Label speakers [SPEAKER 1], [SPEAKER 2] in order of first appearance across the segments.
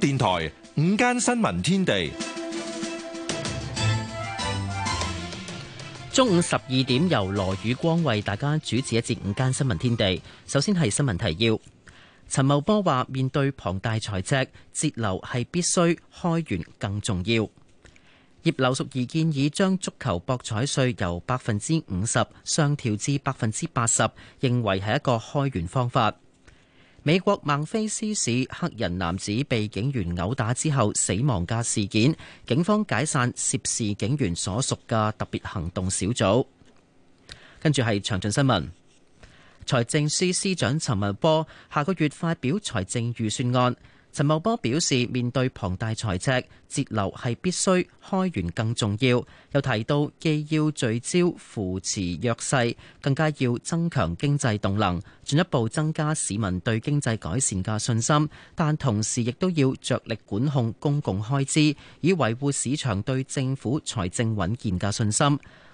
[SPEAKER 1] 電台午間新聞天地，中午十
[SPEAKER 2] 二點由羅宇光為大家主持一節午間新聞天地。首先係新聞提要：陳茂波話，面對龐大財赤，節流係必須，開源更重要。葉劉淑儀建議將足球博彩稅由百分之五十上調至百分之八十，認為係一個開源方法。美國孟菲斯市黑人男子被警員毆打之後死亡嘅事件，警方解散涉事警員所屬嘅特別行動小組。跟住係詳盡新聞。財政司司長陳茂波下個月發表財政預算案。陳茂波表示，面對龐大財赤，節流係必須，開源更重要。又提到，既要聚焦扶持弱勢，更加要增強經濟動能。進一步增加市民對經濟改善嘅信心，但同時亦都要着力管控公共開支，以維護市場對政府財政穩健嘅信心。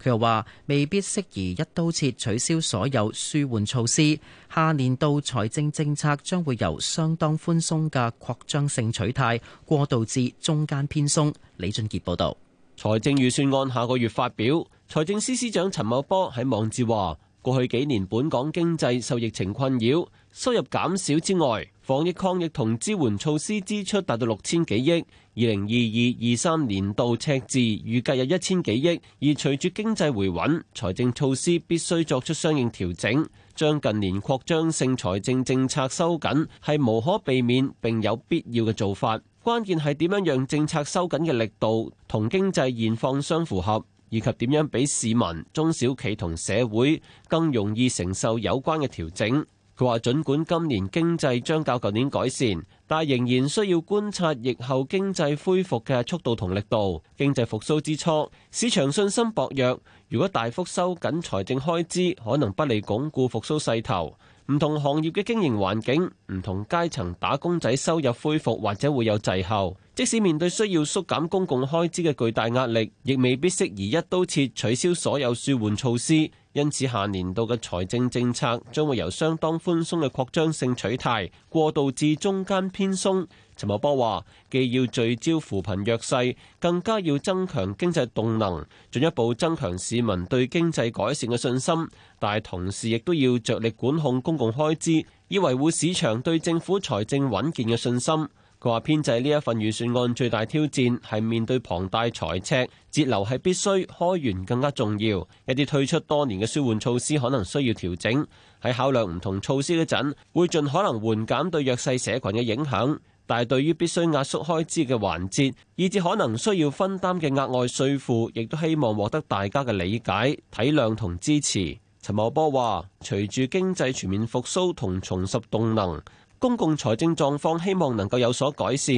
[SPEAKER 2] 佢又話：未必適宜一刀切取消所有舒緩措施。下年度財政政策將會由相當寬鬆嘅擴張性取態過渡至中間
[SPEAKER 3] 偏鬆。李俊傑報導。財政預算案下個月發表，財政司司長陳茂波喺網誌話。過去幾年，本港經濟受疫情困擾，收入減少之外，防疫抗疫同支援措施支出達到六千幾億。二零二二、二三年度赤字預計有一千幾億，而隨住經濟回穩，財政措施必須作出相應調整，將近年擴張性財政政策收緊，係無可避免並有必要嘅做法。關鍵係點樣讓政策收緊嘅力度同經濟現況相符合。以及點樣俾市民、中小企同社會更容易承受有關嘅調整？佢話：儘管今年經濟將較舊年改善，但仍然需要觀察疫後經濟恢復嘅速度同力度。經濟復甦之初，市場信心薄弱，如果大幅收緊財政開支，可能不利鞏固復甦勢頭。唔同行業嘅經營環境，唔同階層打工仔收入恢復，或者會有滯後。即使面對需要縮減公共開支嘅巨大壓力，亦未必適宜一刀切取消所有舒緩措施。因此，下年度嘅財政政策將會由相當寬鬆嘅擴張性取態過渡至中間偏鬆。陳茂波話：既要聚焦扶貧弱勢，更加要增強經濟動能，進一步增強市民對經濟改善嘅信心。但係同時亦都要着力管控公共開支，以維護市場對政府財政穩健嘅信心。佢話編製呢一份預算案最大挑戰係面對龐大財赤，節流係必須，開源更加重要，一啲推出多年嘅舒緩措施可能需要調整。喺考量唔同措施嗰陣，會盡可能緩減對弱勢社群嘅影響，但係對於必須壓縮開支嘅環節，以至可能需要分擔嘅額外稅負亦都希望獲得大家嘅理解體諒同支持。陳茂波話隨住經濟全面復蘇同重拾動能。公共財政狀況希望能夠有所改善。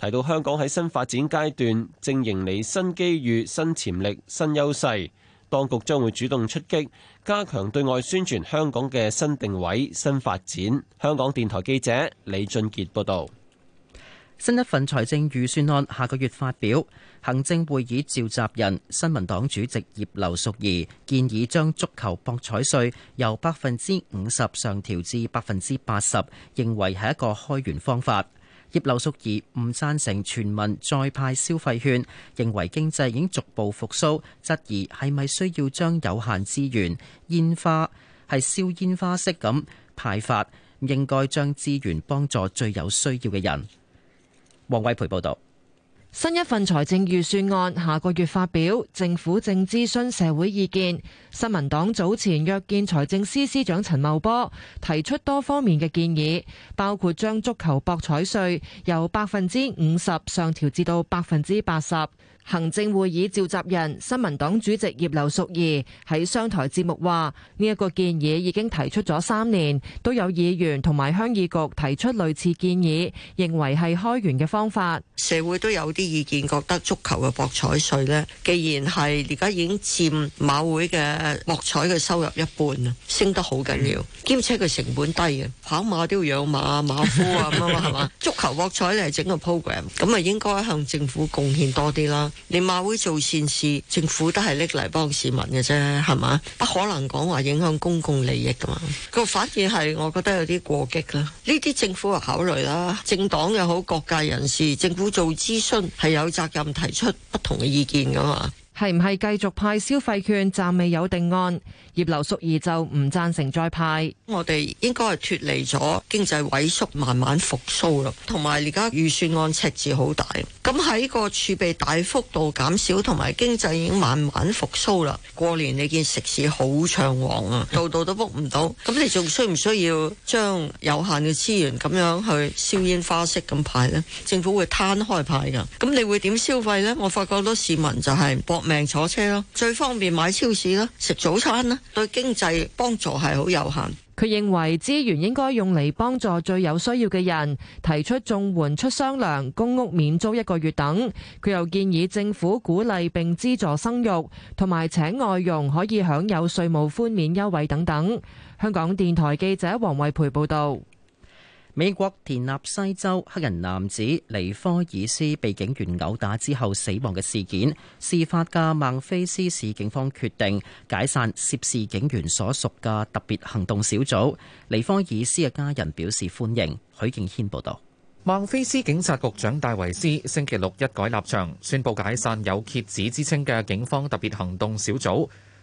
[SPEAKER 3] 提到香港喺新發展階段正迎嚟新機遇、新潛力、新優勢，當局將會主動出擊，加強對外宣傳香港嘅新定位、新發展。香港電台記者李俊傑報道。
[SPEAKER 2] 新一份財政預算案下個月發表，行政會議召集人、新民黨主席葉劉淑儀建議將足球博彩稅由百分之五十上調至百分之八十，認為係一個開源方法。葉劉淑儀唔贊成全民再派消費券，認為經濟已經逐步復蘇，質疑係咪需要將有限資源、煙花，係燒煙花式咁派發，應該將資源幫助最有需要嘅人。黃偉培報道，
[SPEAKER 4] 新一份財政預算案下個月發表，政府正諮詢社會意見。新民黨早前約見財政司司長陳茂波，提出多方面嘅建議，包括將足球博彩稅由百分之五十上調至到百分之八十。行政會議召集人、新民黨主席葉劉淑儀喺商台節目話：呢、這、一個建議已經提出咗三年，都有議員同埋鄉議局提出類似建議，認為係開源嘅方法。
[SPEAKER 5] 社會都有啲意見覺得足球嘅博彩稅呢，既然係而家已經佔馬會嘅博彩嘅收入一半，升得好緊要。兼且佢成本低嘅，跑馬都要養馬、馬夫啊，咁啊嘛係嘛。 足球博彩嚟整個 program，咁啊應該向政府貢獻多啲啦。你馬會做善事，政府都係拎嚟幫市民嘅啫，係嘛？不可能講話影響公共利益噶嘛。個 反應係我覺得有啲過激啦。呢啲政府就考慮啦，政黨又好，各界人士，政府做諮詢係有責任提出不同嘅意見噶嘛。
[SPEAKER 4] 係唔係繼續派消費券暫未有定案？葉劉淑儀就唔贊成再派。
[SPEAKER 5] 我哋應該係脫離咗經濟萎縮，慢慢復蘇啦。同埋而家預算案赤字好大，咁喺個儲備大幅度減少，同埋經濟已經慢慢復蘇啦。過年你見食肆好暢旺啊，度度都 book 唔到。咁你仲需唔需要將有限嘅資源咁樣去燒煙花式咁派呢？政府會攤開派噶，咁你會點消費呢？我發覺好多市民就係命坐車咯，最方便買超市啦，食早餐啦，對經濟幫助係好有限。
[SPEAKER 4] 佢認為資源應該用嚟幫助最有需要嘅人，提出綜援出雙糧、公屋免租一個月等。佢又建議政府鼓勵並資助生育，同埋請外傭可以享有稅務寬免優惠等等。香港電台記者黃慧培報道。
[SPEAKER 2] 美國田納西州黑人男子尼科爾斯被警員毆打之後死亡嘅事件，事發嘅孟菲斯市警方決定解散涉事警員所屬嘅特別行動小組。尼科爾斯嘅家人表示歡迎。許敬軒報道。孟菲斯警察局長戴維斯星期六一改立場，
[SPEAKER 6] 宣布解散有蠍子之稱嘅警方特別行動小組。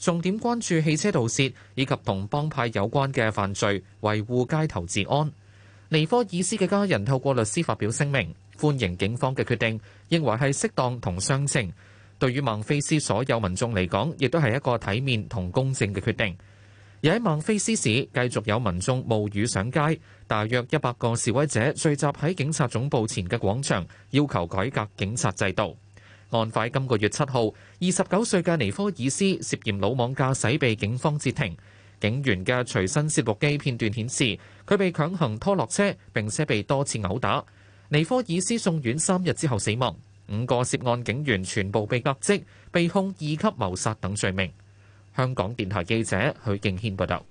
[SPEAKER 6] 重點關注汽車盜竊以及同幫派有關嘅犯罪，維護街頭治安。尼科爾斯嘅家人透過律師發表聲明，歡迎警方嘅決定，認為係適當同相稱。對於孟菲斯所有民眾嚟講，亦都係一個體面同公正嘅決定。而喺孟菲斯市，繼續有民眾冒雨上街，大約一百個示威者聚集喺警察總部前嘅廣場，要求改革警察制度。案發今個月七號，二十九歲嘅尼科爾斯涉嫌魯莽駕駛被警方截停，警員嘅隨身攝錄機片段顯示，佢被強行拖落車，並且被多次毆打。尼科爾斯送院三日之後死亡，五個涉案警員全部被革職，被控二級謀殺等罪名。香港電台
[SPEAKER 2] 記者許敬軒報道。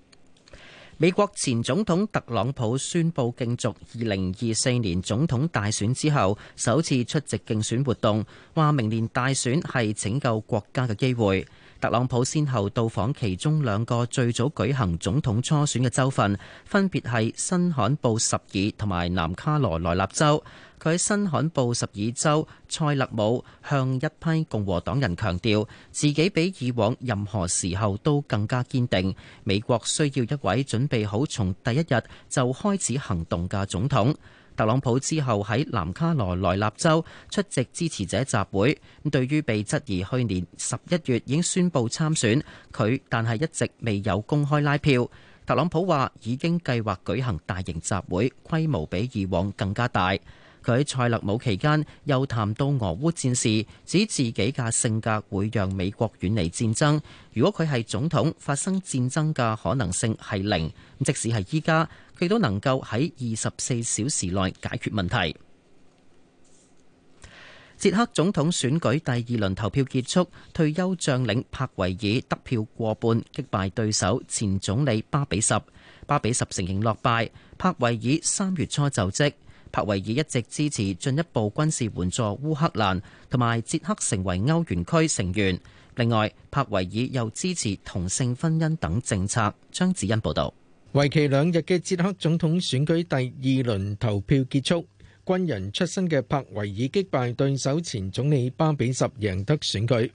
[SPEAKER 2] 美國前總統特朗普宣布競逐二零二四年總統大選之後，首次出席競選活動，話明年大選係拯救國家嘅機會。特朗普先後到訪其中兩個最早舉行總統初選嘅州份，分別係新罕布什爾同埋南卡羅來納州。佢喺新罕布什爾州塞勒姆向一批共和黨人強調，自己比以往任何時候都更加堅定，美國需要一位準備好從第一日就開始行動嘅總統。特朗普之後喺南卡羅來納州出席支持者集會。咁對於被質疑去年十一月已經宣佈參選，佢但係一直未有公開拉票。特朗普話已經計劃舉行大型集會，規模比以往更加大。佢喺塞勒姆期間又談到俄烏戰事，指自己嘅性格會讓美國遠離戰爭。如果佢係總統，發生戰爭嘅可能性係零。即使係依家，佢都能夠喺二十四小時內解決問題。捷克總統選舉第二輪投票結束，退休將領帕維爾得票過半，擊敗對手前總理巴比什。巴比什承認落敗。帕維爾三月初就職。帕維爾一直支持進一步軍事援助烏克蘭同埋捷克成為歐元區成員，另外，帕維爾又支持同性婚
[SPEAKER 1] 姻等政策。張子欣報道。為期兩日嘅捷克總統選舉第二輪投票結束，軍人出身嘅帕維爾擊敗對手前總理巴比什贏得選舉。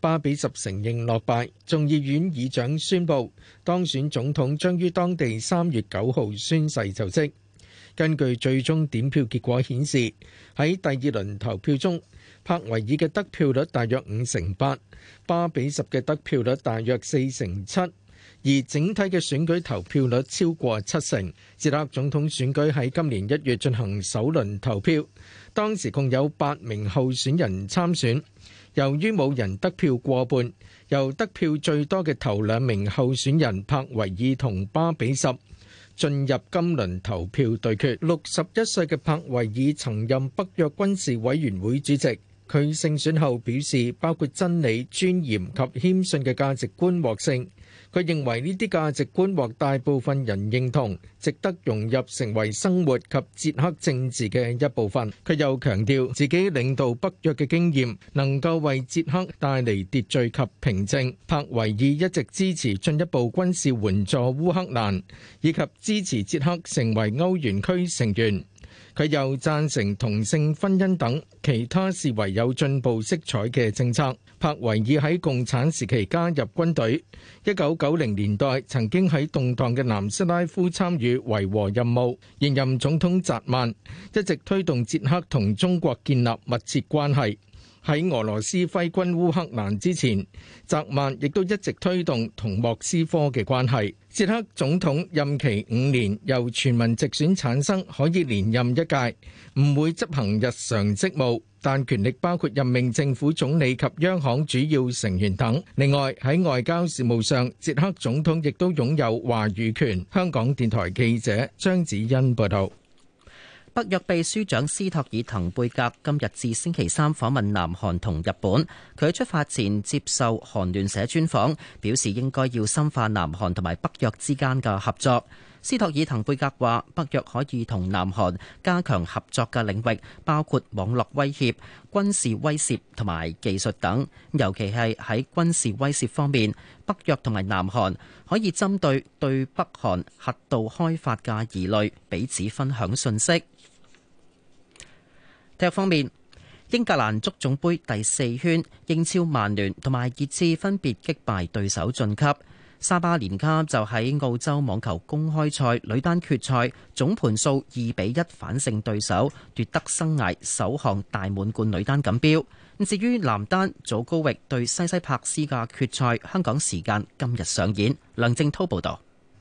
[SPEAKER 1] 巴比什承認落敗，眾議院議長宣布當選總統將於當地三月九號宣誓就職。根據最終點票結果顯示，喺第二輪投票中，柏維爾嘅得票率大約五成八，巴比什嘅得票率大約四成七，而整體嘅選舉投票率超過七成。捷克總統選舉喺今年一月進行首輪投票，當時共有八名候選人參選，由於冇人得票過半，由得票最多嘅頭兩名候選人柏維爾同巴比什。進入今輪投票對決。六十一歲嘅柏維爾曾任北約軍事委員會主席。佢勝選後表示，包括真理、尊嚴及謙遜嘅價值觀獲勝。佢認為呢啲價值觀獲大部分人認同，值得融入成為生活及捷克政治嘅一部分。佢又強調自己領導北約嘅經驗，能夠為捷克帶嚟秩序及平靜。柏維爾一直支持進一步軍事援助烏克蘭，以及支持捷克成為歐元區成員。佢又贊成同性婚姻等其他視為有進步色彩嘅政策。柏維爾喺共產時期加入軍隊，一九九零年代曾經喺動盪嘅南斯拉夫參與維和任務。現任總統澤曼一直推動捷克同中國建立密切關係。喺俄羅斯揮軍烏克蘭之前，澤曼亦都一直推動同莫斯科嘅關係。捷克總統任期五年，由全民直選產生，可以連任一屆，唔會執行日常職務，但權力包括任命政府總理及央行主要成員等。另外，喺外交事務上，捷克總統亦都擁有話語權。香港電台記者張子欣報道。北約秘書長斯托爾滕貝格今日至星期三訪問南
[SPEAKER 2] 韓同日本，佢出發前接受韓聯社專訪，表示應該要深化南韓同埋北約之間嘅合作。斯托爾滕貝格話：北約可以同南韓加強合作嘅領域，包括網絡威脅、軍事威脅同埋技術等。尤其係喺軍事威脅方面，北約同埋南韓可以針對對北韓核導開發嘅疑慮，彼此分享信息。體育方面，英格蘭足總盃第四圈，英超曼聯同埋熱刺分別擊敗對手晉級。沙巴連卡就喺澳洲網球公開賽女單決賽，總盤數二比一反勝對手，奪得生涯首項大滿貫女單錦標。至於男單祖高域對西西帕斯嘅決賽，香港時間今日上
[SPEAKER 7] 演。梁靜濤報道。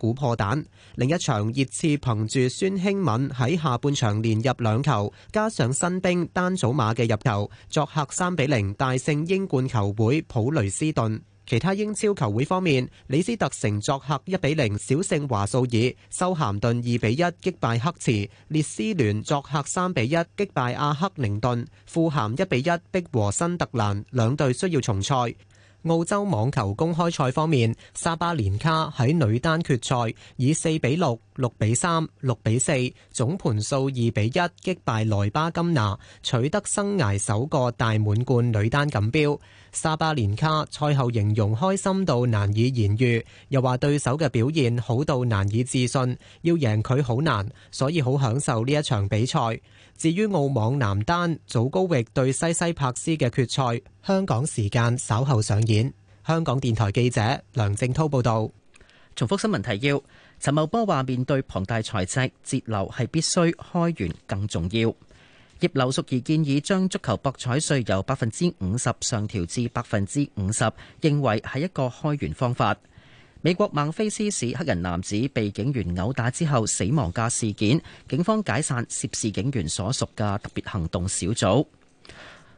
[SPEAKER 7] 古破蛋，另一場熱刺憑住孫興敏喺下半場連入兩球，加上新兵丹祖馬嘅入球，作客三比零大勝英冠球會普雷斯頓。其他英超球會方面，李斯特城作客一比零小勝華素爾，修咸頓二比一擊敗黑池，列斯聯作客三比一擊敗阿克寧頓，富咸一比一逼和新特蘭，兩隊需要重賽。澳洲網球公開賽方面，沙巴連卡喺女單決賽以四比六、六比三、六比四總盤數二比一擊敗萊巴金娜，取得生涯首個大滿貫女單錦標。沙巴連卡賽後形容開心到難以言喻，又話對手嘅表現好到難以置信，要贏佢好難，所以好享受呢一場比賽。至於澳網男單祖高域對西西柏斯嘅決賽，香港時間稍後上演。香港電台記者梁正滔報導。重複新聞提要：陳茂波話，面對龐大財政節流係必須
[SPEAKER 2] 開源更重要。葉劉淑儀建議將足球博彩稅由百分之五十上調至百分之五十，認為係一個開源方法。美國孟菲斯市黑人男子被警員毆打之後死亡嘅事件，警方解散涉事警員所屬嘅特別行動小組。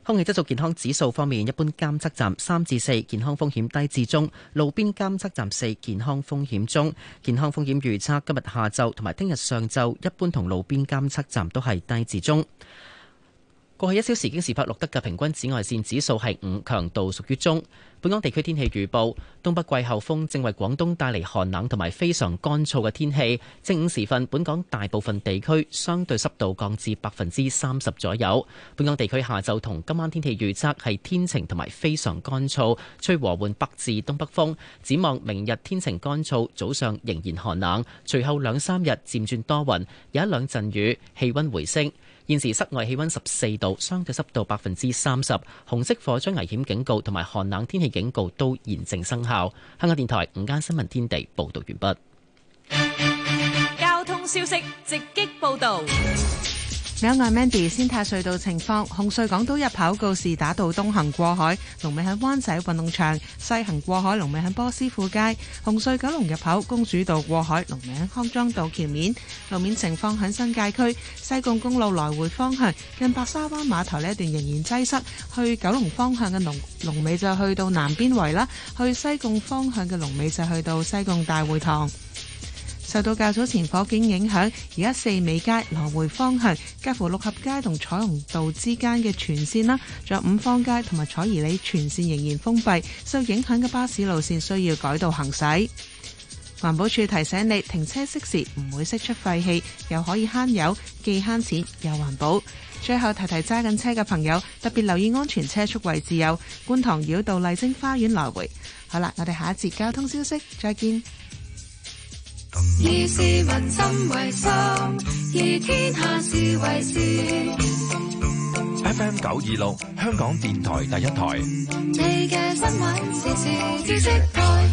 [SPEAKER 2] 空氣質素健康指數方面，一般監測站三至四，健康風險低至中；路邊監測站四，健康風險中。健康風險預測今日下晝同埋聽日上晝，一般同路邊監測站都係低至中。過去一小時京士柏錄得嘅平均紫外線指數係五，強度屬於中。本港地區天氣預報：東北季候風正為廣東帶嚟寒冷同埋非常乾燥嘅天氣。正午時分，本港大部分地區相對濕度降至百分之三十左右。本港地區下晝同今晚天氣預測係天晴同埋非常乾燥，吹和緩北至東北風。展望明日天晴乾燥，早上仍然寒冷，隨後兩三日漸轉多雲，有一兩陣雨，氣温回升。現時室外氣溫十四度，相對濕度百分之三十。紅色火災危險警告同埋寒冷天氣警告都現正生效。香港電台午間新聞
[SPEAKER 4] 天地報道完畢。交通消息直擊報道。另外，Mandy 先睇隧道情況，紅隧港島入口告士打道東行過海，龍尾喺灣仔運動場；西行過海，龍尾喺波斯富街。紅隧九龍入口公主道過海，龍尾喺康莊道橋面。路面情況喺新界區西貢公路來回方向，近白沙灣碼頭呢一段仍然擠塞。去九龍方向嘅龍龍尾就去到南邊圍啦；去西貢方向嘅龍尾就去到西貢大會堂。受到較早前火警影響，而家四美街來回方向，介乎六合街同彩虹道之間嘅全線啦，仲有五芳街同埋彩怡里全線仍然封閉，受影響嘅巴士路線需要改道行駛。環保署提醒你，停車熄匙唔會釋出廢氣，又可以慳油，既慳錢又環保。最後提提揸緊車嘅朋友，特別留意安全車速位置有觀塘繞道麗晶花園來回。好啦，我哋下一節交通消息，再見。
[SPEAKER 7] 以市民心為心，以天下
[SPEAKER 1] 事為事。FM 九二六，香港電台第一台。你
[SPEAKER 4] 嘅新聞時事知識台，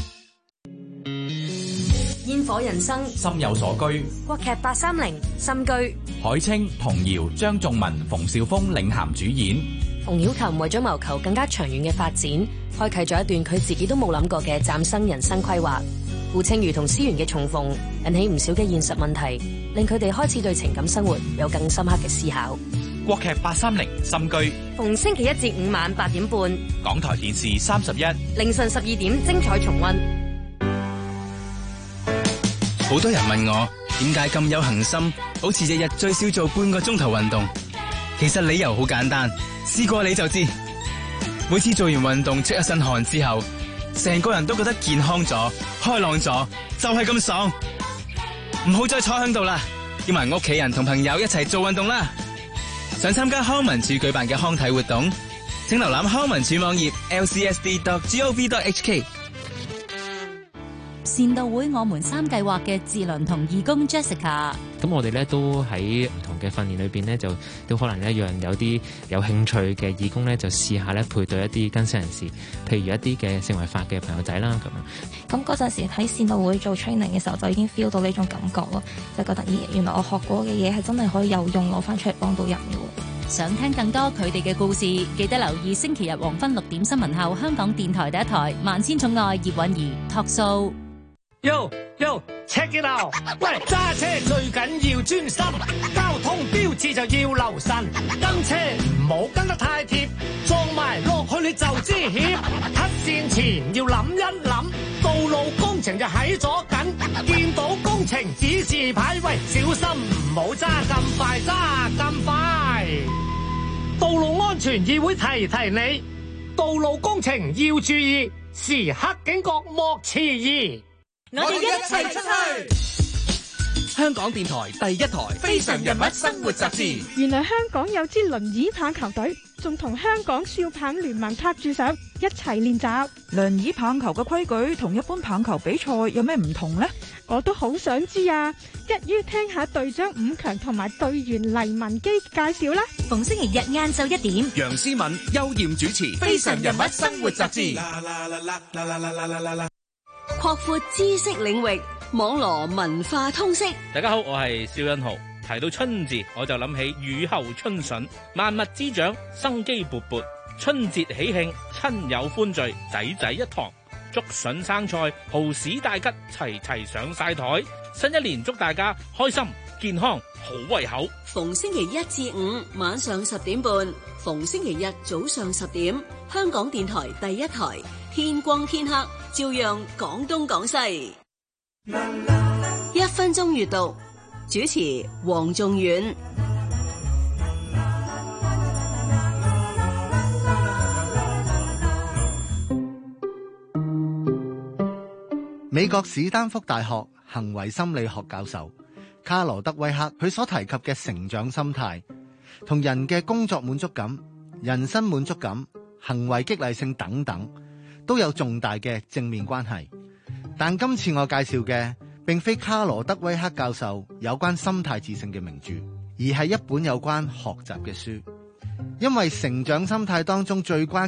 [SPEAKER 4] 煙火人生，
[SPEAKER 6] 心有所居。
[SPEAKER 4] 國劇八三零，心居。
[SPEAKER 6] 海清、童瑤、張仲文、馮紹峰領銜主演。
[SPEAKER 4] 馮曉琴為咗謀求更加長遠嘅發展，開啟咗一段佢自己都冇諗過嘅嶄新人生規劃。顧清俞同思源嘅重逢，引起唔少嘅現實問題，令佢哋開始對情感生活有更深刻嘅思考。國劇八三零心居，逢星期一至五晚八點半，
[SPEAKER 6] 港台電視三十一，
[SPEAKER 4] 凌晨十二點精彩重温。
[SPEAKER 1] 好多人問我點解咁有恆心，好似日日最少做半個鐘頭運動。其實理由好簡單，試過你就知。每次做完運動出一身汗之後。成個人都覺得健康咗、開朗咗，就係咁爽，唔好再坐響度啦，叫埋屋企人同朋友一齊做運動啦。想參加康文署舉辦嘅康體活動，請瀏覽
[SPEAKER 3] 康文署網頁 lcsd.gov.hk。
[SPEAKER 7] 善導會我們三計劃嘅智輪同義工 Jessica，
[SPEAKER 6] 咁我哋咧都喺唔同嘅訓練裏邊呢，就都可能一樣有啲有興趣嘅義工咧，就試下咧配對一啲更生人士，譬如一啲嘅成違法嘅朋友仔啦，咁樣。咁嗰陣時喺
[SPEAKER 4] 善導會做 training 嘅時候，就已經 feel 到呢種感覺咯，就覺得咦，原來我學過嘅嘢係真係可以有用，攞翻出嚟幫到人嘅。想聽更多佢哋嘅故事，記得留意星期
[SPEAKER 7] 日黃昏六點新聞後，香港電台第一台萬千寵愛葉韻儀 Talk Show。
[SPEAKER 6] 喲喲，check it out！喂，揸車最緊要專心，交通標誌就要留神，跟車唔好跟得太貼，撞埋落去你就知險。黑線前要諗一諗，道路工程就喺左近，見到工程指示牌喂，小心唔好揸咁快，揸咁快。道路安全議會提提你，道路工程要注意，時刻警覺莫遲疑。
[SPEAKER 1] 我哋一齊
[SPEAKER 4] 出去！香港電台第一台《非常人物生活雜誌》。
[SPEAKER 5] 原來香港有支輪椅棒球隊，仲同香港少棒聯盟拍住上一齊練習。輪椅棒球嘅規矩同一般棒球比賽有咩唔同呢？我都好想知啊！一於聽下隊長伍強同埋隊員黎文基介紹啦。逢星期日
[SPEAKER 6] 晏晝一點，楊思敏、邱艷主持
[SPEAKER 5] 《非常人物生活雜誌》。擴闊知識領域，網羅文化通識。
[SPEAKER 6] 大家好，我係蕭欣浩。提到春字，我就諗起雨後春筍，萬物滋長，生機勃勃。春節喜慶，親友歡聚，仔仔一堂，竹筍生菜，蠔豉大吉，齊齊上晒台。新一年祝大家開心、健康、好胃口。
[SPEAKER 5] 逢星期一至五晚上十點半，逢星期日早上十點，香港電台第一台。天光天黑，照樣廣東廣西。一分鐘閱讀，主持黃仲遠。
[SPEAKER 6] 美國史丹福大學行為心理學教授卡羅德威克，佢所提及嘅成長心態，同人嘅工作滿足感、人生滿足感、行為激勵性等等。都有重大嘅正面關係，但今次我介紹嘅並非卡羅德威克教授有關心態自信嘅名著，
[SPEAKER 4] 而係一本有關學習嘅書，因為成長心態當中最關鍵的。